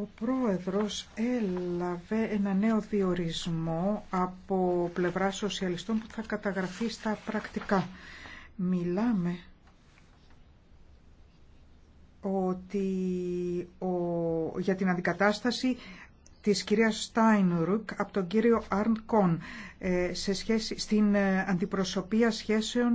Ο πρόεδρος έλαβε ένα νέο διορισμό από πλευρά σοσιαλιστών που θα καταγραφεί στα πρακτικά. Μιλάμε ότι για την αντικατάσταση της κυρίας Στάινρουκ από τον κύριο Αρν Κον ε, σε σχέση, στην ε, αντιπροσωπεία σχέσεων